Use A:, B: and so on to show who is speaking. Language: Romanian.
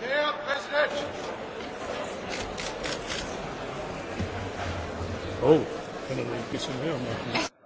A: Herr Präsident!
B: Oh, können wir ein bisschen höher machen.